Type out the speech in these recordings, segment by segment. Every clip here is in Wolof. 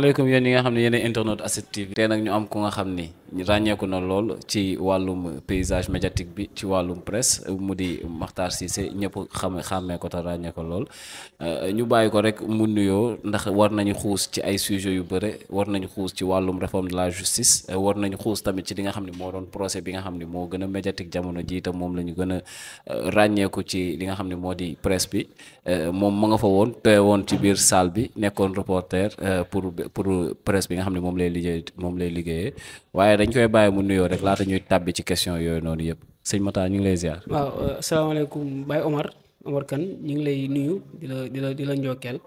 asalaamaaleykum yéen ñi nga xam ne yéen ay internautes TV tey nag ñu am ku nga xam ni ràññeeku na lool ci wàllum paysage médiatique bi ci wàllum presse mu di Makhtar Cissé ñëpp xam xàmmee ko te ràññee ko lool euh, ñu bàyyi ko rek mu nuyoo ndax war nañu xuus ci ay sujets yu bëre war nañu xuus ci wàllum réforme de la justice euh, war nañu xuus tamit ci li nga xam ne moo doon procès bi nga xam ne moo gën a médiatique jamono jii te moom la ñu gën a euh, ràññeeku ci li nga xam ne moo di presse bi moom ma nga fa woon tooy woon ci biir salle bi nekkoon reporter pour pour presse bi nga xam ne moom lay liggéey moom lay liggéeyee. waaye dañ koy bàyyi mu nuyoo rek laata ñuy tàbbi ci question yooyu noonu yëpp sëñ Matar ñu ngi lay ziar. waaw euh, asalaamaaleykum Baye Omar Omar Kane ñu ngi lay nuyu di la di la di njokkeel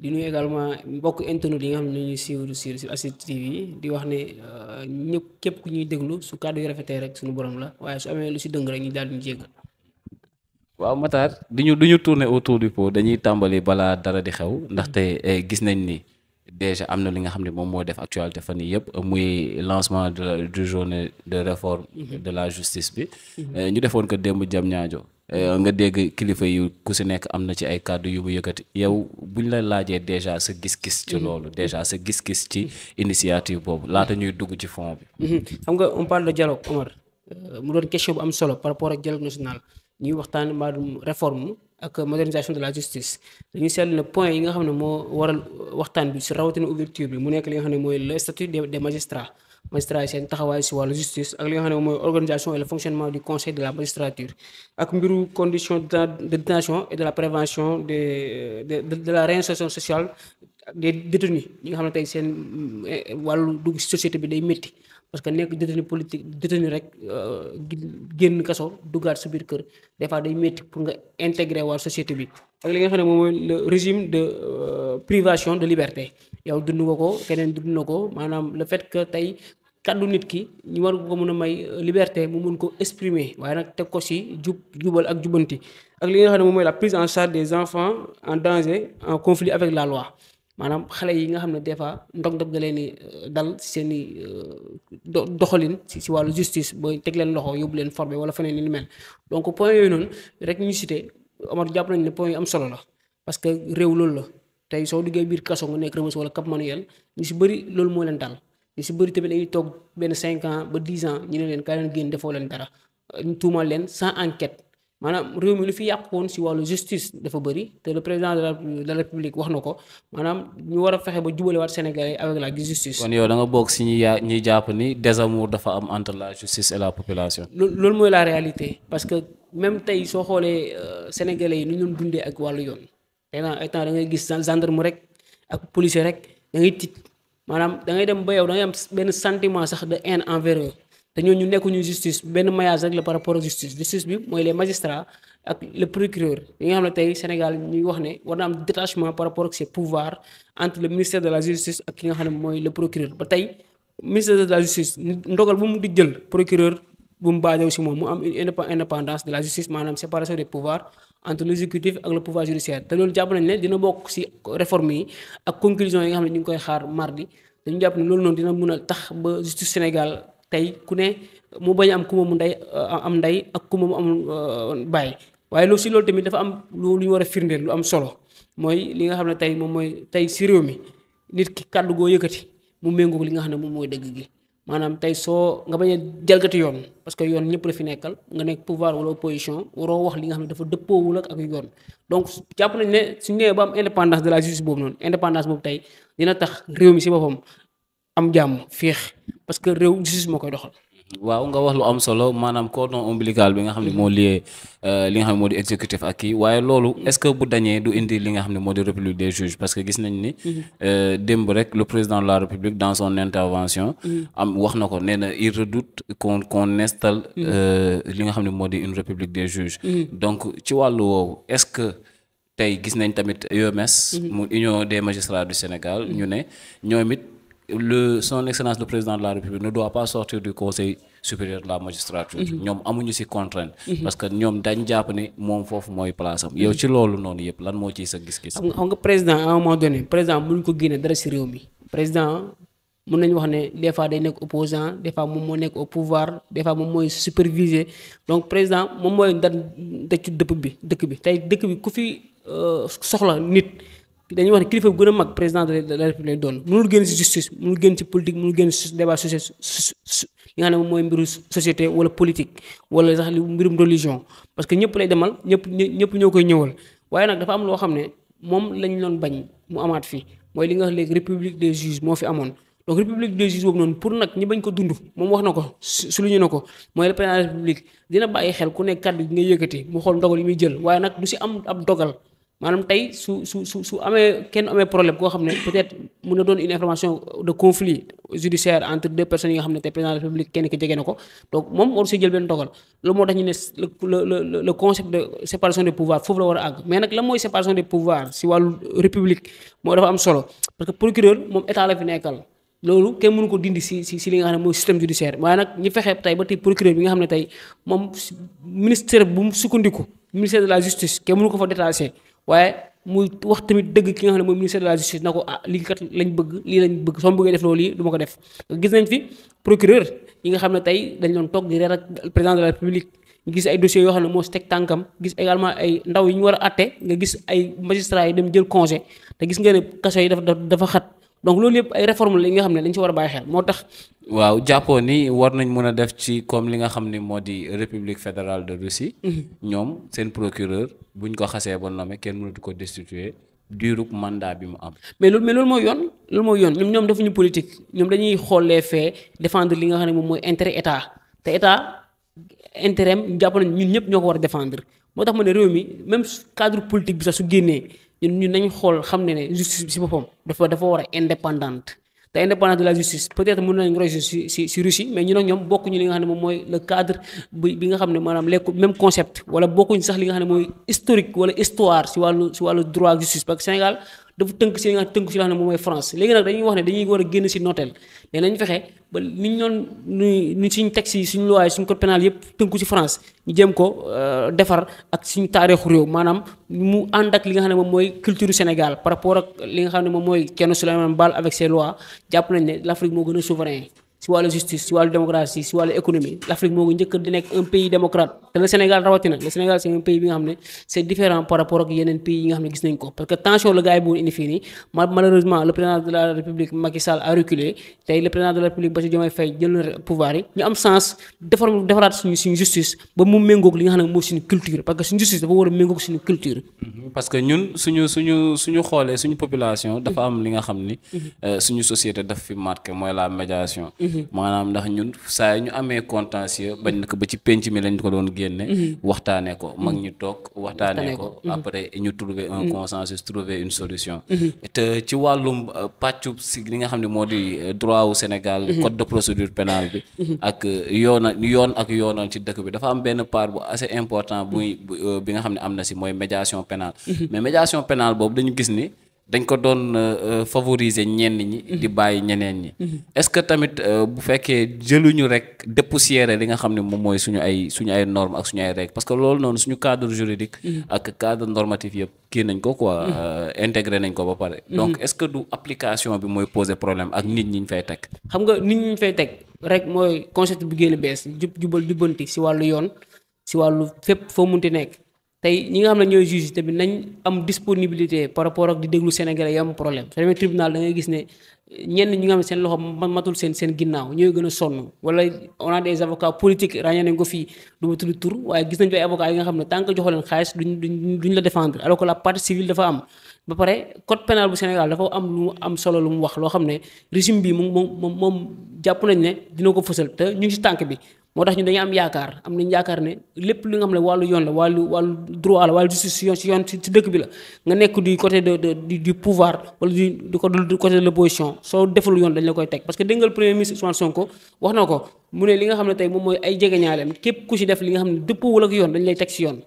di nuyu également mbokk internet yi nga xam ne ñu suivre sur sur ASID di wax ne euh, ñëpp képp ku ñuy déglu su kàddu yu rafetee rek suñu borom la waaye su amee lu si dëng rek ñu daal di ñu jéggal waaw Matar du ñu du ñu tourner du pot dañuy tàmbali balaa dara di xew ndaxte eh, gis nañ ni. déjà am na li nga xam ne moom moo def actualité fan yii muy lancement de la du de réforme mhm. de la justice bi mhm. euh, ñu defoon ko démb jam ñaajo euh, nga dégg kilifa yu ku si nekk am na ci ay kàddu yu mu yëkkati bu buñ la laajee déjà sa gis-gis ci mhm. loolu déjà sa gis-gis ci initiative boobu laata ñuy dugg ci fond bi xam nga on parle de dialogue Omar euh, mu doon question bu am solo par rapport ak dialogue national ñuy waxtaan maanaam réforme ak modernisation de la justice dañuy seetlu ne point yi nga xam ne moo waral waxtaan bi si rawatina ouverture bi mu nekk li nga xam ne mooy le statut des magistrats magistrats seen taxawaay si wàllu justice ak li xam ne mooy organisation et le fonctionnement du conseil de la magistrature ak mbiru condition de détention et de la prévention des de la réinsertion sociale des détenus ñi nga xam ne tey seen eh, wàllu dugg si société bi day métti parce que nekk détenu politique détenu rek euh, génn kaso duggaat sa biir kër des fois day métti pour nga intégrer waa société bi ak li nga xam ne moom mooy le régime de euh, de liberté yow dund nga ko keneen dund na ko maanaam le fait que tey kàddu nit ki ñu war ko mën a may euh, liberté mu mën ko exprimer waaye nag teg ko si jub jubal ak jubanti ak li nga xam ne moom mooy la prise en charge des enfants en danger en conflit avec la loi maanaam xale yi nga xam ne des fois ndog-ndog da leen euh, dal si seen i euh, doxalin si si wàllu justice ba teg leen loxo yóbbu leen formé wala feneen ni mel donc point yooyu noonu rek ñu cité Omar jàpp nañu ne point am solo la parce que réew loolu la tey soo duggee biir kaso nga nekk Rebeuss wala Cap Manuel ñu si bëri loolu moo leen dal ñu si bëri tamit dañuy toog benn 5 ans ba 10 ans ñu ne leen kaay leen génn defoo leen dara ñu tuumal leen sans enquête. maanaam réew mi lu fi yàqu woon si wàllu justice dafa bëri te le président de la république wax na ko maanaam ñu war a fexe ba jubalewaat Sénégalais avec la justice. kon yow da nga bokk si ñi yaa ñiy jàpp ni désamour dafa am entre la justice et la population. loolu mooy la réalité parce que même tey soo xoolee euh, Sénégalais yi nu ñu doon dundee ak wàllu yoon tey ay temps da ngay gis gendarme rek ak policier rek da ngay tiit maanaam dangay dem ba yow da ngay am benn sax de haine envers te ñu nekkuñu justice benn maillage rek la par rapport ak justice justice bi mooy les magistrats ak le procureur yi nga xam ne wax ne war na am par rapport ak ses le ministère de la ki nga xam ne mooy le procureur ba tey ministère de la mu di jël procureur bu mu baajow si moom mu am une indépendance de la justice maanaam séparation des pouvoirs entre l'exécutif ak le pouvoir dina bokk si réforme yi ak conclusion yi nga xam ne ñu ngi koy xaar mardi dañu jàpp ne loolu noonu dina mën a tax ba justice Sénégal tey ku ne mu bañ am ku ma mu ndey euh, am ndey ak ku ma mu am euh, bàyyi waaye loolu si loolu tamit dafa am lu ñu war a firndeel lu am solo mooy li nga xam ne tey moom mooy tey si réew mi nit ki kàddu goo yëkkati mu méngoog li nga xam ne moom mooy dëgg gi soo nga bañ a jalgati yoon parce que yoon ñëpp la fi nekkal nga nekk pouvoir wala opposition waroo wax li nga xam ne dafa dëppoowul ak ak yoon donc jàpp nañ ne suñu nee ba am indépendance de la justice boobu noonu indépendance boobu tey dina tax réew mi si boppam am jàmm fiix parce que réew justice moo koy doxal. Mm-hmm. waaw nga wax lu am solo maanaam cordon ombilical bi nga xam ne moo lié euh, li nga xam ne moo di exécutif kii waaye loolu mm-hmm. ce que bu dañee du indi li nga xam ne moo di république des juges parce que gis nañ ni mm-hmm. euh, démb rek le président de la république dans son intervention am wax na ko nee na il redoute qu'on qu'on installe euh, li nga xam ne moo di une république des juges donc ci wàllu woowu est-ce que tey gis nañ tamit UMS e mu union des magistrats du Sénégal ñu ne ñoom le son excellence le président de la république ne doit pas sortir du conseil supérieur la magistrature. Mhm. ñoom amuñu ci contrainte. Mhm. parce que ñoom dañ jàpp ne moom foofu mooy place am. yow ci loolu noonu yëpp lan moo ci sa gis-gis. xam nga xam nga président à un président mënuñ ko génne dara ci réew mi. président mën nañu ne des fois day nekk opposant des fois moom moo nekk au pouvoir des fois moom mooy superviser donc président moom mooy ndar dëcc dëpp bi dëkk bi tey dëkk bi ku fi euh, soxla nit. dañuy wax ne kilifa bu gën a mag président de la république doon mënul génn si justice mënul génn si politique mënul génn si débat social li nga xam ne mooy mbiru société wala politique wala sax li mbirum religion parce que ñëpp lay demal ñëpp ñëpp ñoo koy ñëwal waaye nag dafa am loo xam ne moom lañ doon bañ mu amaat fii mooy li nga wax léegi république des juges moo fi amoon donc république des juges boobu noonu pour nag ñi bañ ko dund moom wax na ko souligné na ko mooy le président de la république xel ku nekk kàddu gi nga yëkkati xool ndogal yi muy jël waaye nag du si am ab dogal maanaam tey su su su su amee kenn amee problème koo xam ne peut-être mun na doon une information de conflit judiciaire entre deux personnes yi nga xam ne te président de la kenn ki jege na ko donc moom war si foofu la war a àgg mais nag lan mooy séparation des pouvoirs si wàllu république moo dafa am solo parce que procureur moom état la fi nekkal loolu kenn mënu ko dindi si si li nga xam ne mooy système judiciaire waaye nag ñi fexe tey ba tey procureur bi nga xam ne tey moom ministère bu mu sukkandiku ministère la justice kenn mënu ko waaye muy wax tamit dëgg ki nga xam ne mooy ministère de la justice na ko ah lii kat lañ bëgg lii lañ bëgg soo bëggee def loolu yi du ma ko def gis nañ fi procureur yi nga xam ne tey dañ doon toog di reer ak président de la république gis ay dossiers yoo xam ne moo si teg tànkam gis également ay ndaw yi ñu war a atte nga gis ay magistrats yi dem jël congé te gis nga ne kaso yi dafa dafa xat donc loolu yëpp ay réforme la nga xam ne dañ ci war a bàyyi xel moo tax. waaw jàppoo ni war nañ mun a def ci comme li nga xam ne moo di république fédérale de Russie. Mhm. ñoom seen procureur bu ñu ko xasee ba nommé kenn mënatu ko destituer durub mandat bi mu am. mais loolu mais loolu mooy yoon loolu mooy yoon ñoom ñoom defuñu politique ñoom dañuy xoolee fee defendre li nga xam ne moom mooy intérêt état te état intérêt am jàpp nañ ñun ñëpp ñoo ko war a défendre moo tax ma ne réew mi même cadre politique bi sax su génnee. ñun ñun nañu xool xam ne ne justice bi si boppam dafa dafa war a indépendante te indépendance de la justice peut-être mun nañ roy si si si Russie mais ñun ak ñoom bokkuñu li nga xam ne moom mooy le cadre bi bi nga xam ne maanaam les même concept wala bokkuñ sax li nga xam ne mooy historique wala histoire si wàllu si wàllu droit justice parce que Sénégal dafa tënk si li nga tënk si loo xam ne moom mooy France léegi nag dañuy wax ne dañuy war a génn si nooteel mais nañ fexe ba ni ñu doon ni suñ texte yi suñ loi suñ code pénal yëpp tënku si France ñu jéem ko euh, defar ak suñ taarixu réew maanaam mu ànd ak li nga xam ne moom mooy culture Sénégal par rapport ak li nga xam ne moom mooy kenn su Souleymane bal avec ses lois jàpp nañ ne l'Afrique moo gën a souverain si wàllu justice si wàllu démocratie si wàllu économie l'Afrique moo ngi njëkk di nekk un pays démocrate te le Sénégal rawatina le Sénégal c'est un pays bi nga xam ne c'est différent par rapport ak yeneen pays yi nga xam ne gis nañ ko parce que tension la gars yi bu fii nii malheureusement le président de la République Macky Sall a reculé tey le président de la République Bassirou Diomaye Faye jël na pouvoir yi ñu am sens defar mu méngoog Mhm. maanaam ndax ñun saa ñu amee contentieux bañ na ba ci penc mi lañ ko doon génne mhm. waxtaanee ko mag ñu toog waxtaanee ko mhm. après ñu trouver un consensus trouver une solution te ci wàllum euh, pàccu si li nga xam ne moo di euh, droit wu Sénégal code de procédure pénale bi ak euh, yoona yoon ak yoonal ci dëkk bi dafa am benn part bu assez important buy bi nga xam ne am na si mooy médiation pénale mais médiation pénale boobu dañu gis ni dañ ko doon euh, euh, favoriser ñenn ñi mhm. di bàyyi ñeneen ñi mhm. est-ce que tamit euh, bu fekkee jëluñu rek dépoussiérer li nga xam ne moom mooy suñu ay suñu ay normes ak suñu ay rek parce que loolu noonu suñu cadre juridique mhm. ak cadre normatif yëpp kii nañ ko quoi intégré nañ ko ba pare donc est-ce que du application bi mooy poser problème ak nit ñi ñu fay teg xam nga nit ñu ñu fay teg rek mooy concept bu génn bees jub jubal jubbanti si wàllu yoon si wàllu fépp foo mun ti nekk tey ñi nga xam ne ñooy juge tamit nañ am disponibilité par rapport ak di déglu Sénégalais yi problème soo demee tribunal da ngay gis ne ñenn ñi nga xam ne seen loxo matul seen seen ginnaaw ñooy gën a sonn wala on a des avocats politiques ràññee nañ ko fii du tudd tur waaye gis nañ fi ay yi nga xam ne tant que joxoo leen xaalis duñ duñ duñ la défendre alors que la partie civile dafa am ba pare code pénal bu Sénégal dafa am lu am solo lu mu wax loo xam ne régime bi moom moom moom jàpp nañ ne dina ko fësal te ñu si tànk bi moo tax ñu dañu am yaakaar am nañu yaakaar ne lépp li nga xam ne wàllu yoon la wàllu wàllu droit la wàllu justice yoon yoon si dëkk bi la nga nekk du côté de de du pouvoir wala du du côté de l'opposition soo deful yoon dañ la koy teg parce que déggal premier ministre Ousmane Sonko wax na ko mu ne li nga xam ne tey moom mooy ay jegeñaaleem képp ku si def li nga xam ne dëppoo wala ak yoon dañ lay teg si yoon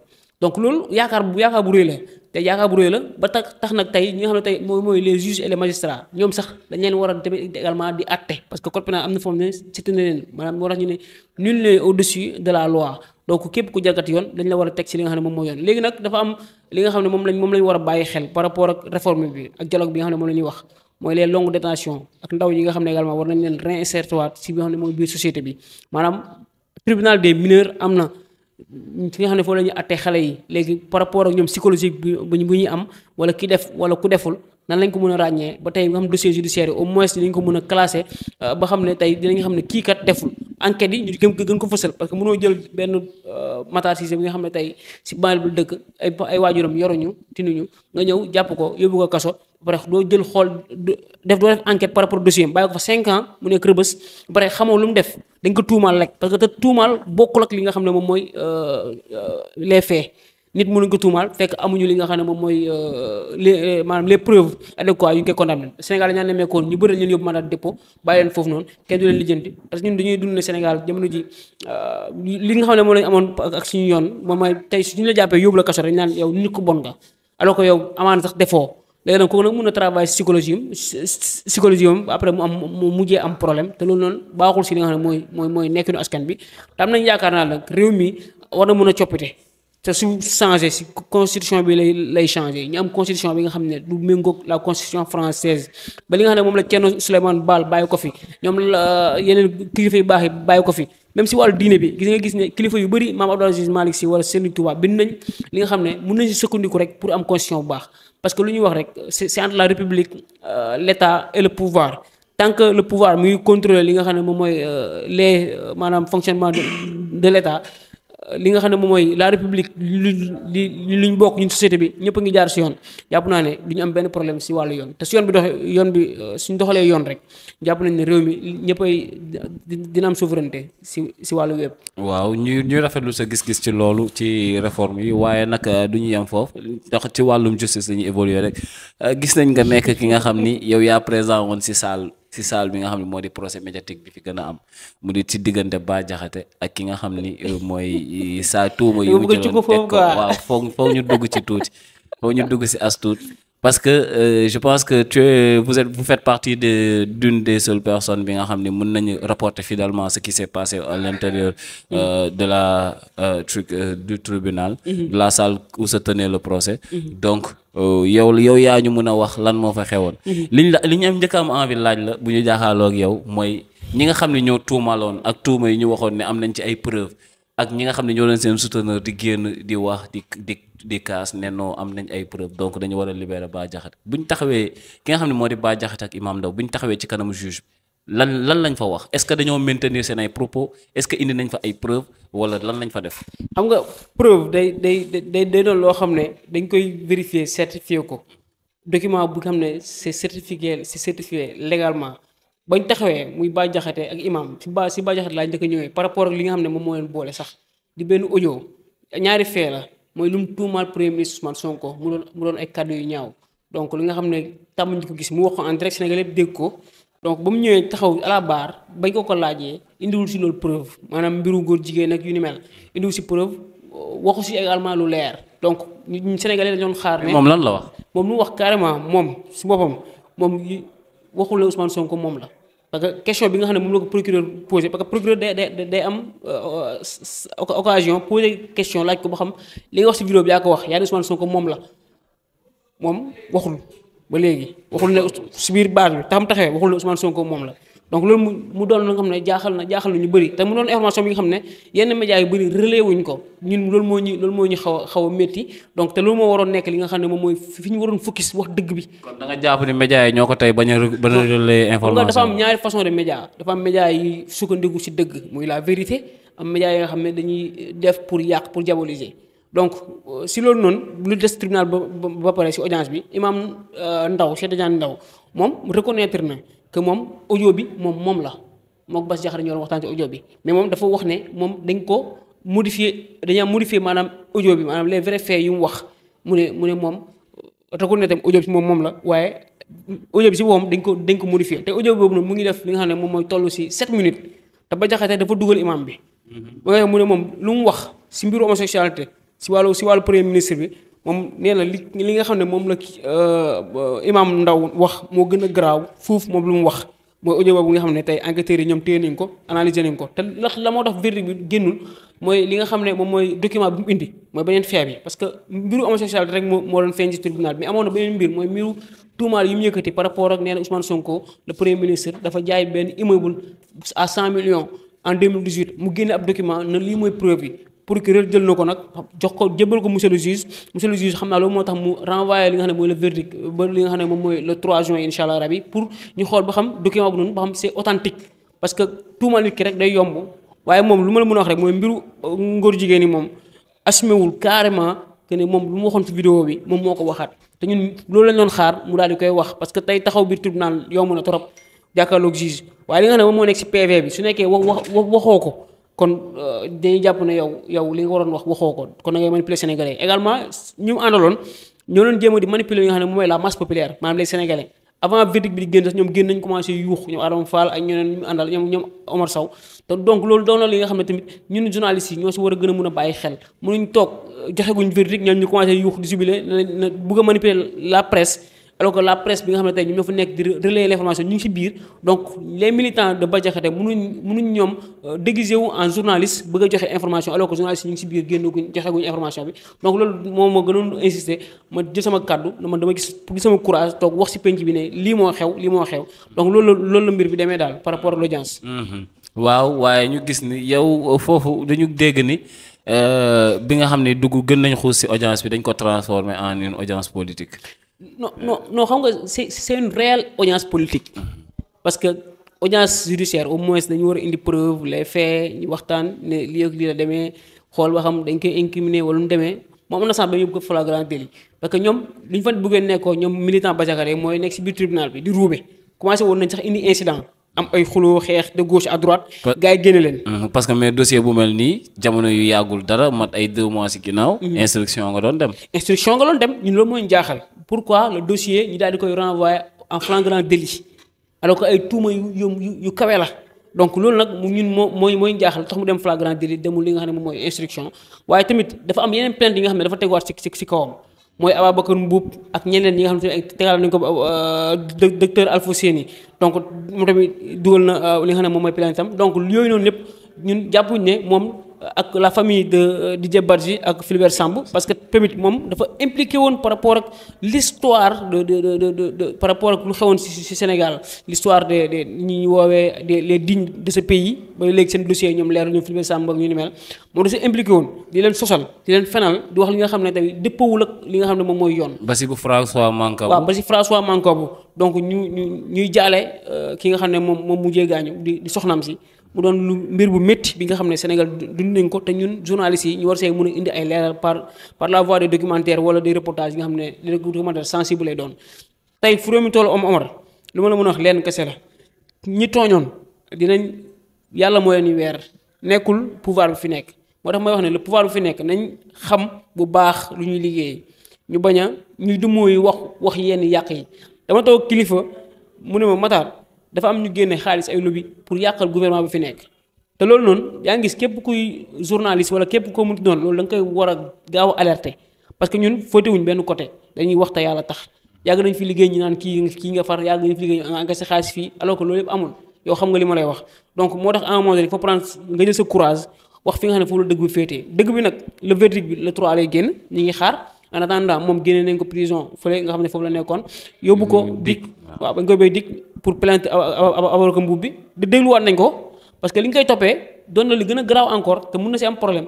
donc loolu yaakaar bu yaakaar bu rëy la te yaakaar bu rëy la ba tax tax nag tey ñi nga xam ne tey mooy mooy les juges et les ñoom sax dañ leen war a que code pénal am na yoon dañ la war a teg ci li nga xam ne moom mooy yoon léegi nag dafa am li nga xam ne moom lañ moom lañ war a bàyyi xel wax mooy les longues détentions ak ndaw yi nga xam ne également war nañ leen réinsérer waat si bi nga xam ne mooy biir société bi maanaam tribunal des mineurs am na fi nga xam ne foofu la ñu attee xale yi léegi par rapport ak ñoom psychologique bu bu ñu bu ñuy am wala ki def wala ku deful nan lañ ko mën a ràññee ba tey nga xam dossier judiciaire yi au moins dinañ ko mën a classé euh, ba xam ne tey dinañ xam ne kii kat deful enquête yi ñu gën ko fësal parce que mënoo jël benn euh, Matar bi nga xam ne tey si banel bu dëkk ay ay waajuram yoruñu tinuñu nga ñëw jàpp ko yóbbu ko kaso ba bare doo jël xool def doo def enquête par rapport dossier am bàyyi ko fa 5 ans mu nekk rëbës bare xamoo lu mu def dañ ko tuumaal rek parce que te tuumaal bokkul ak li nga xam ne moom mooy euh, les faits nit mënuñ ko tuumaal fekk amuñu li nga xam ne moom mooy euh, les maanaam les yu ñu koy condamné Sénégal dañaa nemmeekoon ñu bëri ñun yóbbu mandat de dépôt bàyyi leen foofu noonu kenn du leen lijjanti parce que ñun dañuy euh, nga xam ne moom lañu amoon ak suñu yoon moom mooy tey suñu la jàppee yóbbu la kaso rek naan yow nit ko bon nga alors que yow amaan sax défaut léegi nag kooku nag mën na travail psychologie psychologie am après mu am mu mujjee am problème te loolu baaxul si li mooy mooy mooy nekkinu askan bi am nañu yaakaar naa nag réew mi war na mun a coppite te suñ changé si constitution bi lay lay changé ñu am constitution bi nga xam ne du méngoog la constitution française ba li nga xam ne moom la Thierno Baal bàyyi ko fi ñoom yeneen kilifa yu baax yi bàyyi ko fi même si wàllu diine bi gis nga gis ne kilifa yu bëri maam Abdoul wala Serigne Touba bind nañ li nga xam ne mun nañ sukkandiku rek pour am constitution bu baax parce que lu ñuy wax rek c'est entre la république euh, l'état et le pouvoir tant que le pouvoir muy contrôler li nga xam ne moom mooy euh, les euh, maanaam fonctionnement de l'état li nga xam ne moom mooy la république li li luñ bokk ñun société bi ñëpp ngi jaar si yoon jàpp naa ne du am benn problème si wàllu yoon te si yoon bi doxe yoon bi euh, suñ doxalee yoon rek jàpp nañ ne réew mi ñëppay dina am souveraineté si si wàllu web. waaw ñuy ñuy rafetlu sa gis-gis ci loolu ci réforme yi waaye nag euh, du ñuy am foofu ndax ci wàllum justice la ñuy rek euh, gis nañ nga nekk ki nga xam ni yow yaa présent woon si saal si salle bi nga xam ne moo di procès médiatique bi fi gën a am mu di ci diggante Bah Diakhaté ak ki nga xam ni euh, mooy euh, saa tuuma yu mu jëloon teg ko waaw foog ñu dugg ci tuuti foog ñu dugg si as tuuti parce que euh, je pense que tu es, vous êtes partie de d'une des seules personnes bi nga xam ne mën nañu rapporter fidèlement ce qui s'est passé à l'intérieur mm-hmm. euh, de la euh, euh du tribunal mm-hmm. de la salle où se tenait le procès mm-hmm. donc euh, yow yow yaa ñu mën a wax lan moo fa xewoon liñ la li ñu am njëkk am envie laaj la bu ñu jaaxaaloog yow mooy ñi nga xam ne ñoo tuumaloon ak tuuma yi ñu waxoon ne am nañ ci ay preuves ak ñi nga xam ne ñoo leen seen souteneur di génn di wax di di di kaas ne non am nañ ay preuve donc dañu war a libérer Bah Diakhaté bu ñu taxawee ki nga xam ne moo di Bah Diakhaté ak Imam Ndao bu ñu taxawee ci kanamu juge lan lan lañ fa wax est-ce que dañoo maintenir seen ay propos est que indi nañ fa ay preuve wala lan lañ fa def. xam nga preuve day day day day doon loo xam ne dañ koy vérifier certifier ko document bu xam ne c'est certifié c'est certifié légalement. bañ taxawee muy Bah Diakhaté ak imam si ba si Bah Diakhaté laa njëkk a ñëwee par rapport ak li nga xam ne moom moo di benn audio ñaari fee la mooy lu mu tuumaal premier ministre Ousmane Sonko mu mu doon ay kàddu yu ñaaw donc li nga xam ne tàmm ko gis mu wax ko en direct Sénégal ko donc ba mu ñëwee taxaw à la barre bañ ko ko laajee indiwul si loolu preuve maanaam mbiru góor jigéen ak yu ni mel indiwul si preuve waxu si également lu leer donc ñun Sénégalais dañu doon xaar ne. moom lan la wax. moom lu wax carrément moom su boppam moom waxul la Ousmane sonk moom la. parce que question bi nga xam ne moom la ko procureur posé parce que procureur day day day am euh, occasion posé question laaj ko ba xam li nga wax si vidéo bi yaa ko wax yaa ne Ousmane Sonko moom la moom waxul ba léegi waxul ne si biir baat bi taxam taxee waxul ne Ousmane Sonko moom la donc loolu mu mu doon lu nga xam ne jaaxal na jaaxal na ñu bëri te mu doon information bi nga xam ne yenn médias yu bëri relais wuñ ko ñun loolu moo ñu loolu moo ñu xaw a xaw a métti donc te loolu moo waroon nekk xam ne moom mooy fi ñu waroon focus wax dëgg bi. kon da nga jàpp ñoo ko tey a relais information dafa am ñaari façon de média dafa am sukkandiku si dëgg muy la vérité am yi nga xam ne dañuy def pour yàq pour diaboliser donc euh, si loolu noonu lu des tribunal ba ba pare si audience bi imam euh, Ndaw Cheikh Tidiane Ndaw moom reconnaître na que moom audio bi moom moom la mook Bass Diakhar ñoo waxtaan ci audio bi mais moom dafa wax ne moom dañ ko modifie dañaa modifié maanaam audio bi maanaam les vrais yu mu wax mu mu ne moom takul ne tam audio bi moom moom la waaye audio bi si moom dañ ko dañ ko modifié te audio boobu noonu mu ngi def li nga xam ne moom mooy tollu si 7 minutes te ba Bass Diakhar dafa dugal imam bi. Mhm. ba nga mu ne moom lu mu wax si mbiru homosexualité si wàllu si wàllu premier ministre bi moom nee na li li nga xam ne moom la euh, imaam Ndaw wax moo gën a garaaw fuuf moom lu mu wax mooy audio boobu nga xam ne tey enquêteurs yi ñoom téye nañ ko analysé nañ ko te ndax la moo tax verdict bi génnul mooy li nga xam ne moom mooy document bi mu indi mooy beneen fee bi parce que mbiru homosexualité moo moo doon feeñ ci tribunal mais amoon na beneen mooy mbiru tuumaal yi mu yëkkati par rapport ak nee na Ousmane Sonko le premier ministre dafa jaay benn immeuble à 100 millions en 2018 mu génne ab document na lii mooy preuve yi pour procureur jël na ko nag jox ko jébal ko monsieur le juge monsieur le juge xam naa loolu moo tax mu renvoyé li nga xam ne mooy le verdict ba li nga xam ne moom xam document bu parce que tuumal nit ki rek day yomb waaye moom lu ma la mën a wax rek mooy mbiru euh, ngóor jigéen yi moom assumé wul carrément que ne moom lu mu waxoon ci vidéo bi moom moo ko waxaat te ñun loolu lañ doon xaar mu daal di koy wax parce que tey taxaw biir tribunal na trop jàkkaarloog juge waaye li nga xam moo nekk ci PV bi su nekkee wax wax waxoo ko. kon euh, dañuy jàpp ne yow yow li nga waroon wax waxoo ko kon da ngay manipuler sénégalais également ñu àndaloon ñoo a di manipuler yi nga xam ne mooy la masse populaire maanaam les sénégalais avant verdict bi di génn sax ñoom génn nañ commencé yuux ñoom Adama Fall ak ñeneen ñu àndal ñoom ñoom Omar Sow te donc loolu doon na li nga xam ne tamit ñun journalistes yi ñoo si war a gën a mun a bàyyi xel mënuñ toog euh, joxe verdict ñoom ñu commencé alors que la presse bi nga xam ne tey ñoom ñoo fa nekk di relayer l'information ñu ngi ci biir donc les militants de Bah Diakhaté mënuñ mënuñ ñoom euh, déguisé wu en journaliste bëgg a joxe information alors que journaliste ñu ngi ci biir génn guñ joxe guñ information bi donc loolu moom moo gënoon insister ma sama kàddu man dama gis gis sama courage toog wax ci penc bi ne lii moo xew lii moo xew donc loolu loolu la mbir bi demee daal par rapport à l'audience mm-hmm. waaw waaye ñu gis ni yow euh, foofu dañu dégg ni euh, bi nga xam ne dugg gën nañ xuus ci audience bi dañ ko transformer en une audience politique non non non xam nga c'est c'est une réelle audience politique parce que audience judiciaire au moins dañu war a indi preuve les faits ñu waxtaan ne lii ak lii la demee xool ba xam dañ koy incriminer wala mu demee moom am na sax ba ñu ko flagrant délit parce que ñoom li ñu fa bëggee nekkoo ñoom militant Bajakare mooy nekk si biir tribunal bi di ruube commencé woon nañ sax indi incident am ay xuloo xeex de gauche à droite. yi génne leen. parce que mais dossier bu mel nii jamono yu yàggul dara mat ay deux mois ginnaaw. Mhm. instruction nga doon dem. instruction pourquoi le dossier ñu daal di koy renvoyer en flagrant délit alors que ay tuuma yu yu yu kawe la donc loolu nag mu ñun moo mooy mooy njaaxal tax mu dem flagrant délit demul nga xam ne moom mooy instruction waaye tamit dafa am yeneen plainte yi nga xam ne dafa teguwaat si si kawam mooy Ababacar Mbuub ak ñeneen ñi nga xam ne ay tegal nañu ko euh, docteur Alfousseni donc moom tamit dugal na euh, li nga xam ne moom mooy plainte am donc yooyu noonu lépp ñun jàppuñ ne moom. ak la famille de euh, Didier Badji ak Philibert Samb parce que tamit moom dafa impliqué woon par rapport ak l'histoire de de de de de par rapport ak lu xewoon ci ci Sénégal l'histoire de de ñi ñu woowee des les dignes de ce pays ba léegi seen dossier ñoom leer ñoom Philibert Samb ak ñu ni mel moom dafa impliqué woon di leen sosal di leen fenal di wax li nga xam ne tamit dëppawul ak li nga xam ne moom mooy yoon. basi bu François Mankabu waaw basi François Mankabu donc ñu ñu ñuy euh, ki nga xam ne moom moom mujjee gaañu di di mu doon lu mbir bu métti bi nga xam ne Sénégal dund nañ ko te ñun journalistes yi ñu war see mën a indi ay leeral par par la voie des documentaires wala des reportages yi nga xam ne les documentaires sensibles lay doon. tey fu réew mi toll om lu ma la mën a wax leen kese la ñi tooñoon dinañ yàlla moo leen weer nekkul pouvoir bi fi nekk moo tax may wax ne le pouvoir bi fi nekk nañ xam bu baax lu ñuy liggéey ñu bañ a ñuy dumoo wax wax yenn yàq yi dama toog dafa am ñu génne xaalis ay lobby pour yàqal gouvernement bi fi nekk te loolu noonu yaa ngi gis képp kuy journaliste wala képp koo mënti noonu loolu da koy war a gaaw a alerter parce que ñun fóote wuñ benn côté dañuy waxta yàlla tax yàgg nañ fi liggéey ñi naan kii kii nga far yàgg nañ fi liggéey nga si xaalis fii alors loolu yëpp amul yow xam nga li ma lay wax donc moo tax à un moment donné il faut prendre nga jël sa courage wax fi bi féetee dëgg bi nag le ngi xaar en attendant moom génne nañ ko prison fële nga xam ne foofu la nekkoon yóbbu ko dik pour plainte abarka mbubb bi di dégluwaat nañ ko parce que li ñu koy toppee doon na li gën a garaaw encore te mun na si am problème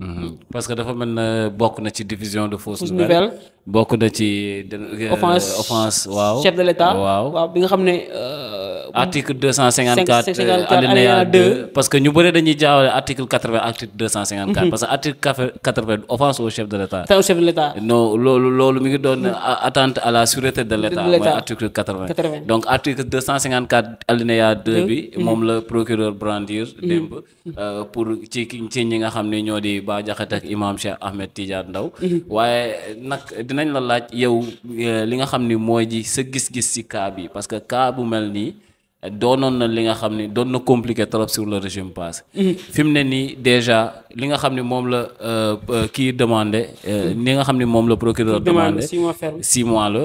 Mm-hmm. parce que dafa mel ne bokk na ci diffusion de fausses nouvelles bokk na ci. Euh, offense offense waaw. chef de l'état waaw bi nga xam ne. Euh, article 254 euh, alinéa 2 parce que ñu bëri dañuy jaawale article 80 article 254 mm-hmm. parce que article 80 offense au chef de l'état au chef de l'état non loolu loolu mi ngi doon attente à la sûreté de l'état mooy article 80 donc article 254 alinéa 2 bi mm-hmm. moom la procureur brandir démb pour ci ci ñi nga xam ne ñoo di Ba Jaxate imaam Cheikh Ahmed Tidiane Ndaw mhm. waaye nag dinañ la laaj yow eh, li nga xam ni mooy ji sa gis-gis si cas yi parce que cas bu mel nii eh, doonoon na li nga xam ni doon na compliqué trop sur le régime passé mhm. fi mu ne nii déjà li nga xam ni moom la euh, euh, kii demandé li euh, mhm. nga xam ni moom la procureur demandé six mois la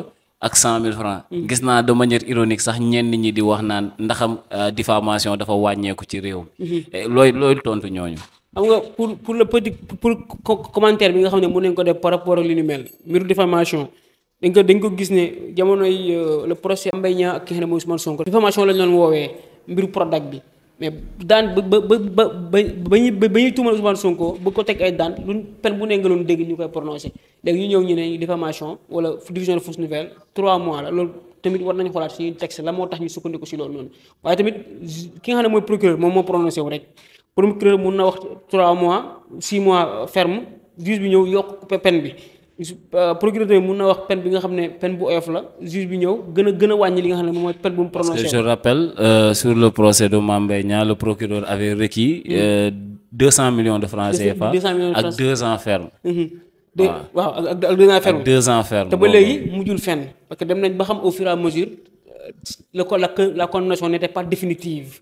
ak cent mille francs gis naa de manière ironique sax ñenn ñi di wax naan ndaxam diffamation dafa wàññeeku ci réew eh, looy looy tontu ñooñu xam nga pour pour le petit pour commentaire bi nga xam ne mën nañu ko def par rapport ak li ñu mel ko dañ ko gis ne jamonoy euh, le procès Mbaye Niang ak ki nga xam ne mooy Sonko diffamation lañ doon woowee mbiru Prodac bi mais daan ba ba ba ba ba ñuy ba ñuy tuumal ko teg ay daan luñ pen bu ne nga doon dégg ñu ñu ñëw ñu ne diffamation wala division de fausse nouvelle trois mois la loolu tamit war nañu xoolaat suñuy texte la moo tax ñu sukkandiku si loolu noonu waaye tamit ki nga xam ne mooy procureur moom moo prononcé wu rek procureur mun na wax 3 mois 6 mois ferme juge bi ñëw yokk peine bi euh, procureur tamit mun na wax pen bi nga xam ne pen bu oyof la juge bi ñëw gën a gën a wàññi li nga xam ne moom mooy peine bu mu prononcé. parce que je rappelle euh, sur le procès de Mame Mbaye Niang le procureur avait requis. Mmh. Euh, millions de francs CFA. 200 de francs ak 2 ans mm-hmm. deux waaw ak te ba léegi mujjul fenn. parce que dem nañ ba xam au fur et à mesure la la la condamnation n'était pas définitive.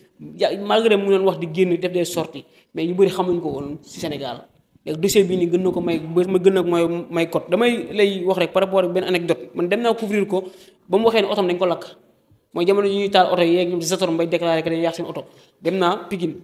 malgré mu doon wax di génn def des sorties mais ñu bëri xamuñ ko woon ci Sénégal léegi dossier bii nii gën na ko may ma gën na ko may may damay lay wax rek par rapport ak benn anecdote man dem naa couvrir ko ba mu waxee ne otom dañ ko lakk mooy jamono yi ñuy taal oto yee ñoom si sa mbay déclaré que dañuy yàq seen oto dem naa Pikine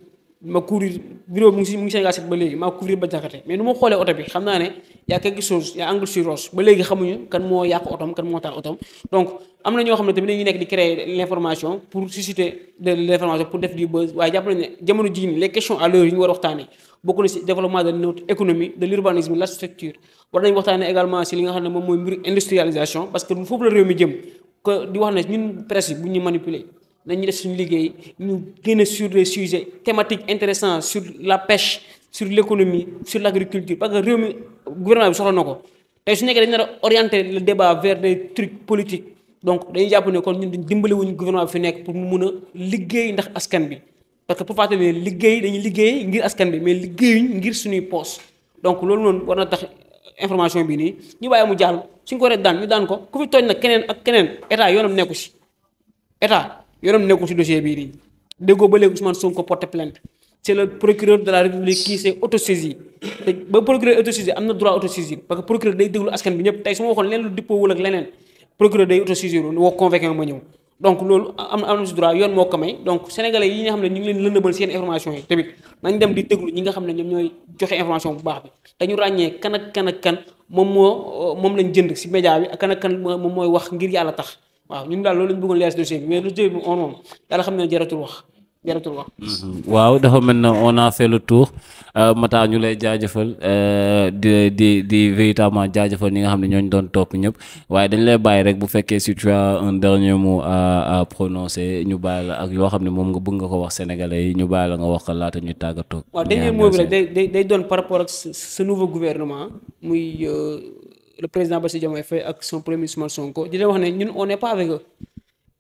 ma couvrir vidéo mu ngi si mu ngi Sénégal set ba léegi maa couvrir ba jaxate mais nu ma xoolee oto bi xam naa ne yaa quelque chose yaa angle sur ba léegi xamuñu kan moo yàq otom kan moo taal otom donc am na ñoo xam ne tamit dañuy nekk di créer l'information pour susciter de l'information pour def du buzz waaye jàpp nañ ne jamono jii nii les questions à l'heure yi ñu war a waxtaanee bokk na si développement de notre économie de l'urbanisme la structure war nañ waxtaanee moom mooy mbir industrialisation parce que nañu def suñu liggéey ñu gën a sur des sujets thématiques intéressants sur la pêche sur l' économie sur l' agriculture parce que réew mi gouvernement bi soxla na ko tey su nekkee dañu nar a orienter le débat vers des jàpp ne kon ñun dimbali wuñ gouvernement bi fi nekk pour mu mun a liggéey ndax askan bi parce que pour fàtte bi liggéey dañuy liggéey ngir askan bi mais liggéeyuñ ngir suñuy poos donc loolu noonu war na tax information bi nii ñu bàyyi mu jàll suñ ko waree daan ko ku fi tooñ nag keneen ak keneen état yoonam nekku si état yoonam nekkul ci dossier bii nii déggoo ba léegi Ousmane Sonko porté plainte c' est procureur de république qui s' est autosaisi ba procureur autosaisi am na droit autosaisir parce que procureur day déglu askan bi ñëpp tey su ma waxoon leen lu dippoowul ak leneen procureur day autosaisir woo convoqué ma ñëw donc loolu am am na si droit yoon moo ko may donc sénégalais yi nga xam ne ñu ngi leen lëndëmal seen information yi tamit nañ dem di déglu nga xam ne ñoom ñooy joxe information bu baax bi te ñu ràññee kan ak kan moom moo moom lañ jënd si média bi kan ak kan moom mooy wax ngir yàlla tax waaw ñun daal loolu lañ bëggoon leer si dossier bi mais dossier bi on moom daal xam ne jaratul wax jaratul wax. Mm-hmm. waaw dafa euh, ñu lay euh, di di di véritablement jaajëfal ñi nga xam ne ñooñu doon topp ñëpp waaye dañ lay bàyyi rek bu fekkee si tu as un dernier mot à ñu bàyyi la ak yoo xam ne moom nga bëgg nga ko wax sénégalais yi ñu bàyyi la nga wax laata ñu tàggatoo. waaw dernier mot bi day day par rapport ak nouveau gouvernement muy. Euh, le président Bassirou Diomaye Faye ak son premier ministre Ousmane Sonko di wax ne ñun on pas avec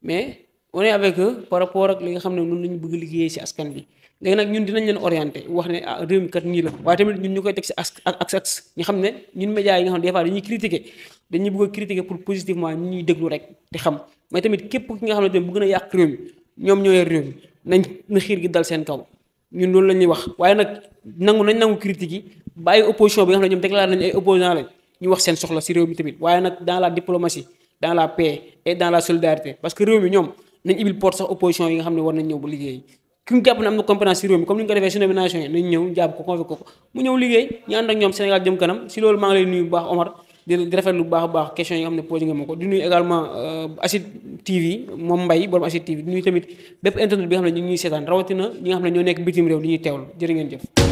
mais on avec par rapport ak li nga xam ne noonu la bëgg liggéeyee ci askan bi léegi ñun dinañ leen orienté wax ne ah réew mi kat nii la waaye tamit ñun ñu koy teg si as ak sax ñu xam ne ñun médias yi nga xam ne des fois dañuy critiquer dañuy bëgg a critiquer pour positivement ñu ñuy déglu rek di xam mais tamit képp ki nga xam ne tamit bëgg na yàq réew mi ñoom ñoo yor réew mi nañ na xiir gi dal seen kaw ñun loolu la ñuy wax waaye nag nangu nañ nangu critique yi bàyyi opposition bi nga xam ne ñoom déclaré nañu ñu wax seen soxla si réew mi tamit waaye nag dans la diplomatie dans la paix et dans la solidarité parce que réew mi ñoom nañ ibil porte sax opposition yi nga xam ne war nañ ñëw bu liggéey ki ñu jàpp ne am na compétence ànd ak ñoom Sénégal jëm kanam si loolu maa ngi lay nuyu baax Omar di di rafetlu baax a baax question yi nga xam ne posé nga ma ko di nuyu également euh, Asid TV moom Mbaye borom Asid TV di nuyu tamit bépp internet bi nga xam ne ñu ngi ñuy seetaan rawatina ñoo nekk bitim réew di ñuy teewlu jërë